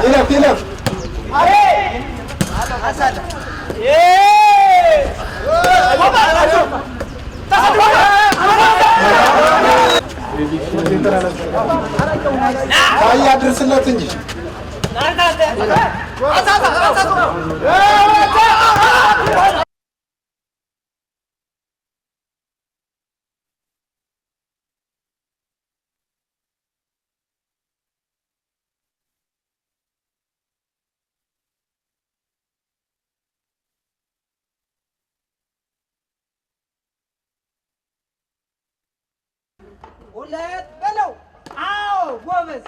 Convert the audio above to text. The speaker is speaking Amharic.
Dilep dilep. Ali. Hasan. Yeee. Baba masuk. Tahan baba. ያድርስለት እንጂ አሳሳ አሳሳ ሁለት በለው። አዎ ጎበዝ